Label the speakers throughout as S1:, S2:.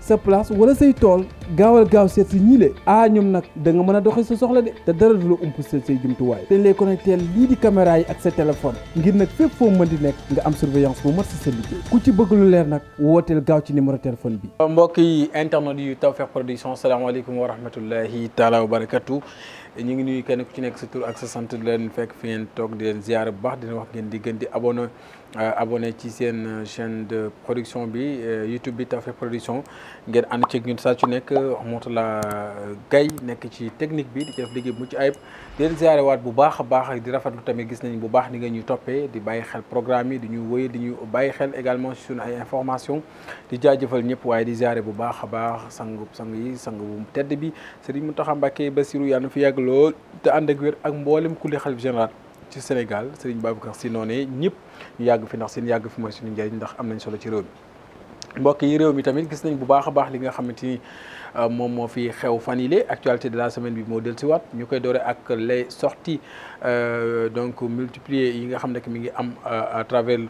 S1: sa place wala say tool gaawal gaaw seet si ñi le ah ñoom nag da nga mën a dox sa soxla de te dara du la ump seet say jumtuwaay te ñu lay connecté lii di caméra yi ak sa téléphone ngir nag fépp foo mën di nekk nga am surveillance bu mat ku ci bëgg leer nag wooteel gaaw ci numéro téléphone bi. mbokk yi internet yu Tawfekh Production salaamaaleykum wa rahmatullahi taala wa barakatu ñu ngi nuyu kenn ku ci nekk sa tur ak sa sant di leen fekk fi ngeen toog di leen bu baax dina wax ngeen di gën di abonné. Euh, abonné ci seen euh, chaîne de production bi euh, YouTube bi Tawfekh Production ngeen ànd ceeg ñun saa su nekk Mourtalla Gaye nekk ci technique bi di def liggéey bu ci ayib di leen ziarewaat bu baax a baax di rafetlu tamit gis nañ bu baax ni nga ñuy toppee di bàyyi xel programme yi di ñu wëy di ñu bàyyi xel également ci suñu ay information di jaajëfal ñëpp waaye di jaare bu baax a baax sangu sang yi sang bu tedd bi Serigne Mountakha Mbacké Bassirou yàlla na fi yàgg lool te ànd ak ak mboolem kulli xalif ci Sénégal Serigne Babacar Sy noonee ñëpp yàgg fi ndax seen yàgg fi mooy suñu njëriñ ndax am nañ solo ci réew mi mbokk yi réew mi tamit gis nañ bu baax a baax li nga xamante ni euh, moom moo fi xew fan yile actualité de la semaine bi moo si waat ñu koy doore ak les sorties euh, donc multiplier yi nga xam ne mi ngi am euh, à travers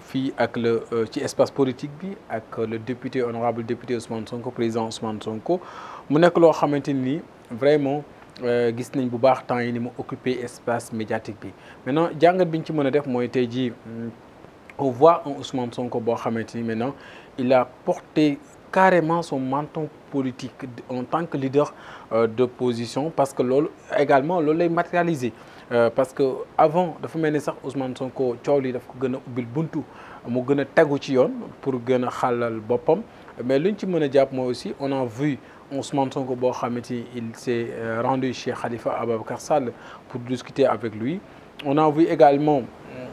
S1: fii ak le ci espace politique bi ak le député honorable député Ousmane Sonko président Ousmane Sonko mu nekk loo xamante ni vraiment. Euh, gis nañ bu baax temps yi ni mu occupé espace médiatique bi maintenant jàngat bi ñu ci mën a def mooy tey jii hmm, on voit un Ousmane Sonko boo xamante ni maintenant il a porté carrément son menton politique en tant que leader euh, position parce que loolu également loolu lay matérialiser euh, parce que avant dafa mel ni sax Ousmane Sonko coow li daf ko gën a ubbil buntu mu gën a tegu ci yoon pour gën a xàllal boppam mais luñ ci mën a jàpp mooy aussi on a vu. Ousmane Sonko boo xamante il s'est euh, rendu chez Khalifa Ababacar Sall pour discuter avec lui on a vu également euh,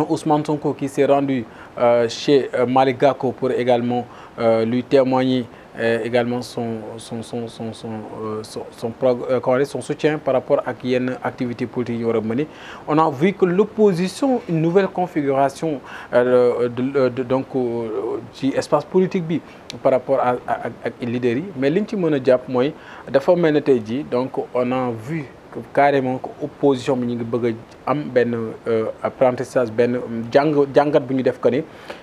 S1: un Ousmane Sonko qui s'est rendu euh, chez Malick Gakou pour également lui témoigner Euh, également son son son son son euh, son son son euh, son soutien par rapport ak yenn activités politiques ñu war a mener on a vu que l'opposition une nouvelle configuration de donc ci espace politique bi par rapport à ak leaders yi mais liñ ci mën a jàpp mooy dafa mel ne tey jii donc on a vu carrément que opposition bi ñu ngi bëgg am benn apprentissage benn jàng jàngat bu ñu def que ne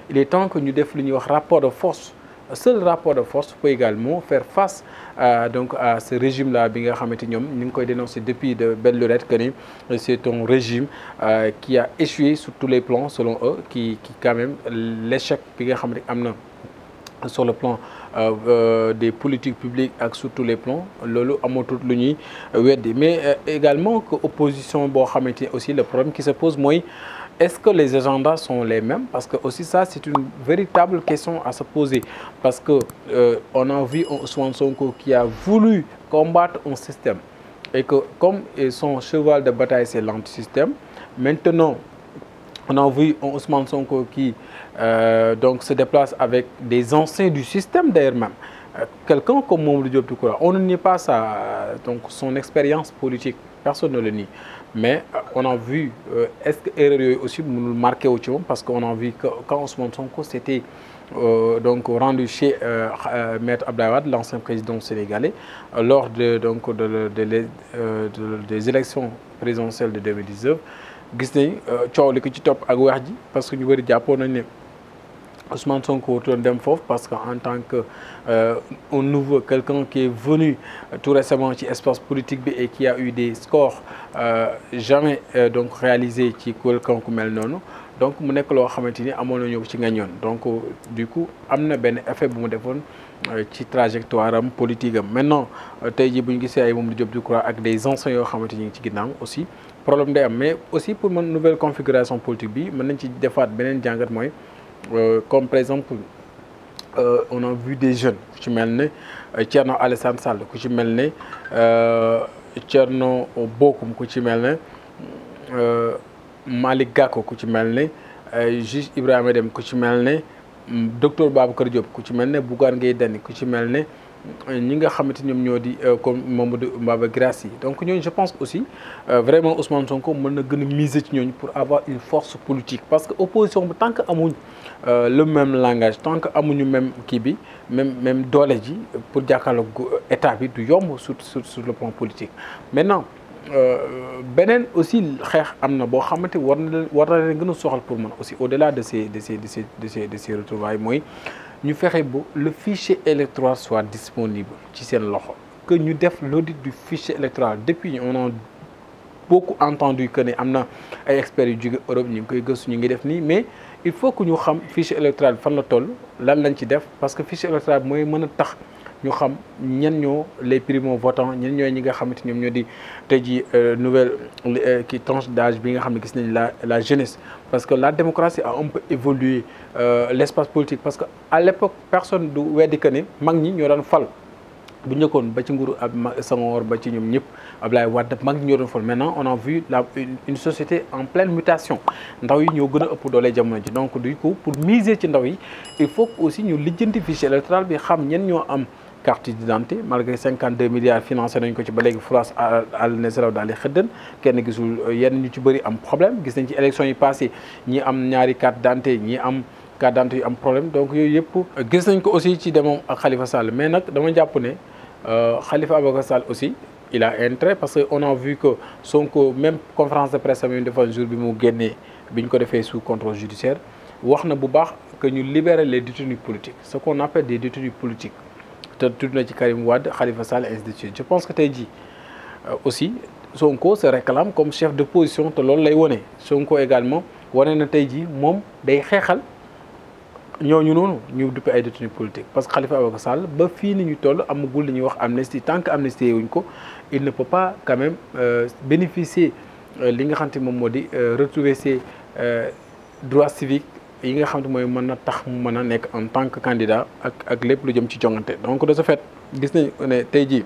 S1: il est temps que ñu def lu ñuy wax rapport de force seul rapport de force peut également faire face à, donc à ce régime là bi nga xamante ñoom ñu ngi koy dénoncer depuis de belle lurette que ni euh, c'est un régime euh, qui a échoué sur tous les plans selon eux qui qui quand même l'échec bi nga xamante am na sur le plan euh, euh, des politiques publiques ak sur tous les plans loolu amatul lu ñuy weddi mais euh, également que opposition boo xamante aussi le problème qui se pose mooy est-ce que les agendas sont les mêmes Parce que aussi ça, c'est une véritable question à se poser. Parce que euh, on a vu Ousmane Sonko qui a voulu combattre un système. Et que comme son cheval de bataille, c'est l'antisystème, maintenant, on a vu Ousmane Sonko qui euh, donc se déplace avec des anciens du système d'ailleurs même. Euh, Quelqu'un comme Mamoudou Diop Toukoura, on ne nie pas sa, euh, donc, son expérience politique, personne ne le nie. mais on a vu euh, est-ce que erreur yooyu aussi mënul marqué wu ci moom parce que on a vu que quand Ousmane Sonko c'était euh, donc rendu chez euh, maître Abdoulaye Wade l'ancien président sénégalais lors de donc de de des élections présidentielles de 2019 gis nañ coow li ko ci topp ak wax ji parce que ñu bëri jàppoo nañ ne Ousmane Sonko wutoon dem foofu parce que en tant que euh, un nouveau quelqu'un qui est venu euh, tout récemment ci espace politique bi et qui a eu des scores euh, jamais euh, donc réalisés ci quelqu'un ku mel noonu donc mu nekk loo xamante ni amoon na ñëw ci nga ñoon donc euh, du coup am na benn effet bu mu defoon ci trajectoire am politique am maintenant tey jii bu ñu gisee ay Mamadou Diop Decroix ak des anciens yoo xamante ñu ngi ci ginnaaw aussi problème day am mais aussi pour mën nouvelle configuration politique bi mën nañ ci defaat beneen jàngat mooy Euh, comme par exemple euh, on a vu des jeunes ku ci mel ne euh, Thierno Alassane Sall ku ci mel ne Thierno Bocoum ku ci mel ne Malick Gakou ku ci mel ne juge Ibrahima Dème ku ci mel ne mm, docteur Babacar Diop ku ci mel ne Bougane Gueye Dany ku ci mel ne. ñi nga xamante ñoom ñoo di euh, comme Mamadou Mbaba Guirassy donc ñooñu je pense aussi euh, vraiment Ousmane Sonko mën na gën a miser ci ñooñu pour avoir une force politique parce que opposition bi tant que amuñ euh, le même langage tant que amuñu même kii bi même même doole ji pour jàkkaarloog état bi du yomb sur sur le plan politique maintenant beneen aussi xeex am na boo xamante war na leen war gën a soxal pour man aussi au delà de ces de ces de ces de ces de ces mooy ñu fexe ba le fichier électoral soit disponible ci seen loxo que ñu def l'audit du fichier électoral depuis on a beaucoup entendu que ne am na ay experts yu jóge Europe ñu ngi koy gëstu ñu ngi def nii mais il faut que ñu xam fichier électoral fan la toll lan lañ ci def parce que fichier électoral mooy mën a tax ñu xam ñan ñoo les primo votants ñan ñooy ñi nga xamante ñoom ñoo di tey jii euh, nouvelle kii euh, tranche dage bi nga xam ne gis nañ la la jeunesse parce que la démocratie a un peu évolué euh, l'espace politique parce que à l'époque personne du weddi que ne mag ñi ñoo daan fal bu njëkkoon ba ci nguuru ab Senghor ba ci ñoom ñëpp Abdoulaye Wade mag ñi ñoo doon fol maintenant on a vu la une société en pleine mutation ndaw yi ñoo gën a ëpp doole jamono ji donc du coup pour miser ci yi il faut aussi ñu lijjanti fichier électoral bi xam ñen ñoo am carte d'identité malgré 52 milliards financé nañ ko ci ba léegi France àll ne selaw daal kenn gisul euh, yenn ñu ci bëri am problème gis nañ ci élection yi passé ñi am ñaari carte d'identité ñi am carte d'identité yu am problème donc yooyu yëpp gis nañ ko aussi ci demoom ak Khalifa Sall mais nag dama jàpp ne euh, Khalifa Ababacar Sall aussi il a intérêt parce que on a vu que Sonko même conférence de presse am yi defoon jour bi mu génnee bi ñu ko defee sous contrôle na bu baax que ñu libérer les te tudd na ci Karim Wade Khalifa Sall ainsi de je pense que tey jii euh, aussi Sonko se réclame comme chef de position te loolu lay wone Sonko également wane na tey jii moom day xeexal ñooñu noonu ñu duppe ay détenus politiques parce que Khalifa Ababacar Sall ba fii ni ñu toll amagul li ñuy wax amnistie tant que amnistie wuñ ko il ne peut pas quand même euh, bénéficier euh, li nga xam te moom moo di euh, retrouver ses droits civiques yi nga xam ne mooy mën na tax mu mën a nekk en tant que candidat ak lépp lu jëm ci jongante donc de ce fait gis nañ ne tey jii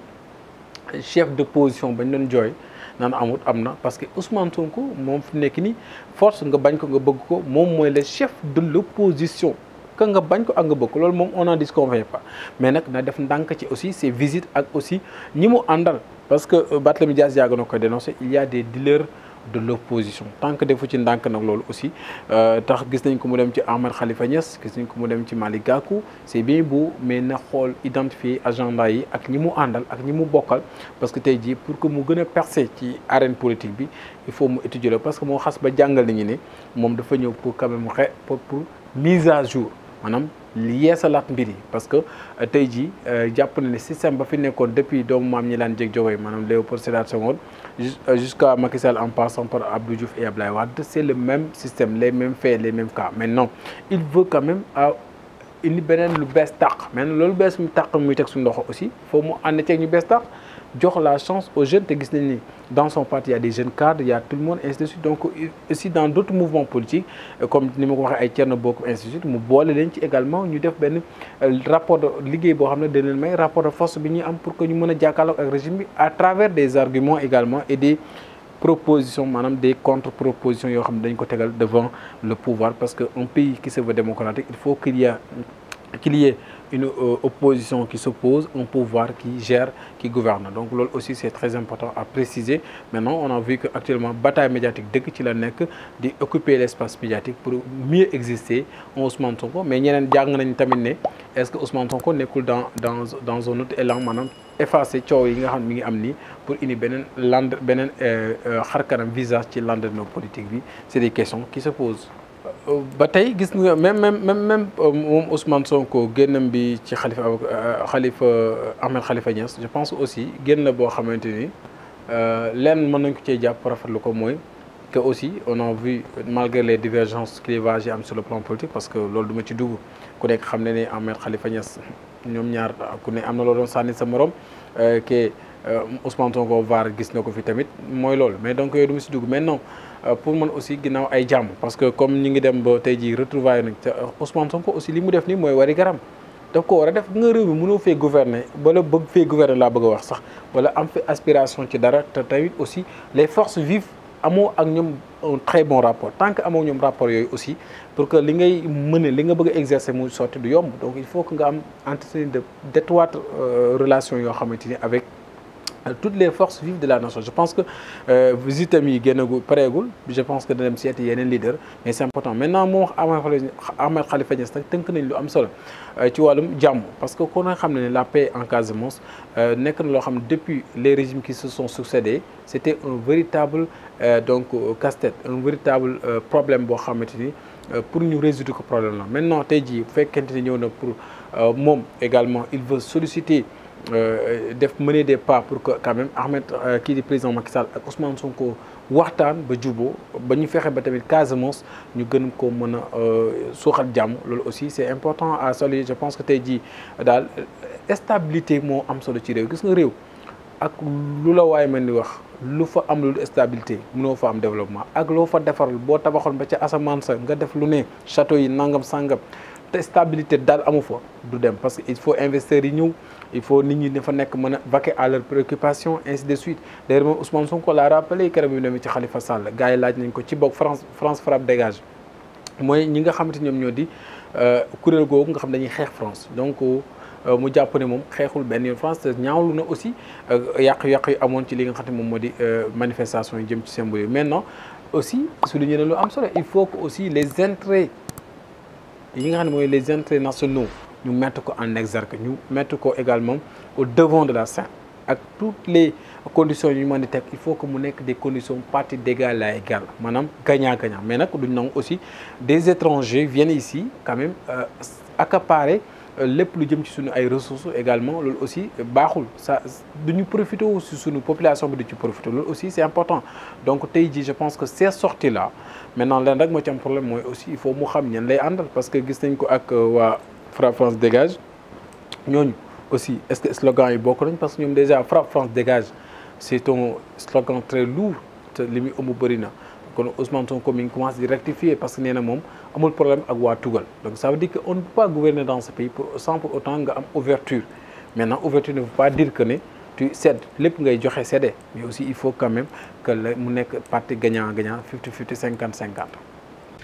S1: chef de position bañ doon jooy naan amut am na parce que Ousmane moom fi nekk ni force nga bañ ko nga bëgg ko moom mooy le chef de l'opposition que nga bañ ko ak nga bëgg ko loolu moom on n'en disconvient pas mais nag na def ndànk ci aussi ses visites ak aussi ñi mu àndal parce que euh, Barthélémy Dias yàgg na ko dénoncé il y a des dealers de l'opposition tant que defu ci ndànk nag loolu aussi euh, tax gis nañ ko mu dem ci Ahmed Khalifa Niass gis nañ ko mu dem ci Malick Gakou c'est bien beau mais na xool identifier agenda yi ak ñi mu àndal ak ñi mu bokkal parce que tey jii pour que mu gën a percer ci arène politique bi il faut mu étudier la parce que moo xas ba jàngal nañu ni moom dafa ñëw pour quand même xe pour pour mise à jour maanaam yeesalaat mbir yi parce que euh, tey jii euh, jàpp na ne système ba fi nekkoon depuis doomu maam ñi laan jég jógee maanaam Léopold Sédar Senghor Euh, jusqu'à Macky Sall en passant par Abdou Diouf et Abdoulaye Wade, c'est le même système, les mêmes faits, les mêmes cas. Mais non, il veut quand même euh, indi beneen lu bees tàq mais loolu bees mu tàq muy teg suñu loxo aussi foo mu ànd ceeg ñu bees tàq jox la chance aux jeunes te gis nañ ni dans son parti il y a des jeunes cadres il y a tout le monde ainsi donc dans d' mouvements politiques euh, comme ni ma ko waxee ay Thierno Bokk ainsi de suite mu boole leen ci également ñu def benn euh, rapport de liggéey boo xam ne dina leen may rapport de force bi ñu am pour que ñu mun a jàkkaarloog ak régime bi à travers des arguments également et des propositions maanaam des contre-propositions yoo xam ne dañ ko tegal devant le pouvoir parce que un pays qui se veut démocratique il faut une euh, opposition qui s'oppose, un pouvoir qui gère, qui gouverne. Donc loolu aussi c'est très important à préciser. Maintenant on a vu que actuellement bataille médiatique dëkk ci la nekk di occuper l'espace médiatique pour mieux exister en Ousmane Sonko mais ñeneen jàng nañ tamit ne est-ce que Ousmane Sonko nekkul dans dans dans un autre élan maanaam effacer coow yi nga xam mi ngi am nii pour indi beneen land beneen euh, euh, xarkanam visage ci landerneau politique bi c'est des questions qui se ba tey gis nga même même même euh, moom Ousmane Sonko génnam bi ci xalifa xalifa euh, euh, Ahmed Khalifa Niass je pense aussi génn la boo xamante ni lenn mën nañ ko cee jàpp rafetlu ko mooy que aussi on a vu malgré les divergences clivages yi am sur le plan politique parce que loolu duma ci dugg ku nekk xam ne ni Ahmed Khalifa Niass ñoom ñaar ku ne am na loo doon sànni sa morom que Euh, Ousmane Sonko baar gis na ko fi tamit mooy loolu mais donc yooyu du si dugg mais non euh, pour man aussi ginnaaw ay jàmm parce que comme ñi ngi dem ba tey jii retrouvaille nag euh, Ousmane Sonko aussi li mu def nii mooy wari garam daf ko war a def nga réew mi mënoo fee gouverner wala bëgg fee gouverner laa bëgg a wax sax wala am fi aspiration ci dara te tamit aussi les forces vives amoo ak ñoom un très bon rapport tant que amoo ñoom rapport yooyu aussi pour que li ngay mën li nga bëgg a mu sotti du yomb donc il faut nga am entretien de d'étroite relation yoo xamante ni avec Euh, toutes les forces vives de la nation je pense que euh, itam yi génnagul pareegul je pense que dana dem seeti yeneen leader mais c'est important maintenant moo wax Ahmed Khalifa Niass nag tënk nañ lu am solo euh, ci wàllum jàmm parce que kon nga xam ne la paix en Casamance nekk na loo xam ne depuis les régimes qui se sont succédés c'était un véritable donc casse-tête un véritable problème boo xamante ni pour ñu résoudre ko problème la maintenant tey jii bu fekkente ni ñëw na pour moom également il veut solliciter Euh, def mener des pas pour que quand même Ahmed euh, kii di président Macky Sall ak Ousmane Sonko waxtaan ba juboo ba ñu fexe ba tamit Casamance ñu gën ko mën a euh, suuxat jàmm loolu aussi c' est important à saluer je pense que tey jii daal stabilité moo am solo ci réew gis nga réew ak lu la waaye mel ni wax lu fa am lu stabilité mënoo fa am développement ak loo fa defaral boo tabaxoon ba ca asamaan sa nga def lu ne château yi nangam sangam te stabilité daal amu fa du dem parce que il faut investisseurs yi ñëw. il faut nit ñi fa nekk mën a vaquer à leurs préoccupations ainsi de suite d'ailleurs moom Ousmane Sonko l'a rappelé keroog bi mu demee ci Khalifa Sall gars laaj nañ ko ci bokk France France frappe dégage mooy ñi nga xamante ñoom ñoo di euh, kuréel googu nga xam dañuy xeex France donc euh, mu jàpp ne moom xeexul benn yoon France te ñaawlu na aussi euh, yàq-yàq yi amoon ci li nga xam ne moom moo di manifestation yi jëm ci symbole yi maintenant aussi souligné na lu am solo il faut que aussi les intérêts yi nga xam ne mooy les intérêts nationaux ñu mettre ko en exergue ñu mettre ko également au devant de la scène ak toutes les conditions yu ñu mën di teg il faut que mu nekk des conditions parties d'égal à égal maanaam gagnant-gagnant mais du ñu nangu aussi des étrangers viennent ici quand même euh, accaparer euh, lépp lu jëm ci suñu ay ressources également loolu aussi baaxul sax du ñu profité aussi suñu population bi du ci profité loolu aussi c'est important donc tey ji je pense que ces sorties là maintenant leen rek moo ci mooy aussi il faut mu xam ñan lay àndal parce que gis nañ ko ak euh, Frapp France dégage ñooñu aussi est-ce que slogan yi bokk nañ parce que ñoom déjà Frapp France dégage c'est un slogan très lourd te li muy ëmb bëri na kon Ousmane Sonko mi ngi commencé di rectifier parce que nee na moom amul problème ak waa Tugal donc ça veut dire que on ne peut pas gouverner dans ce pays pour sans pour autant nga am ouverture maintenant ouverture ne veut pas dire que ne tu cèdes lépp ngay joxe cédé mais aussi il faut quand même que la mu nekk parti gagnant gagnant 50 50 50 50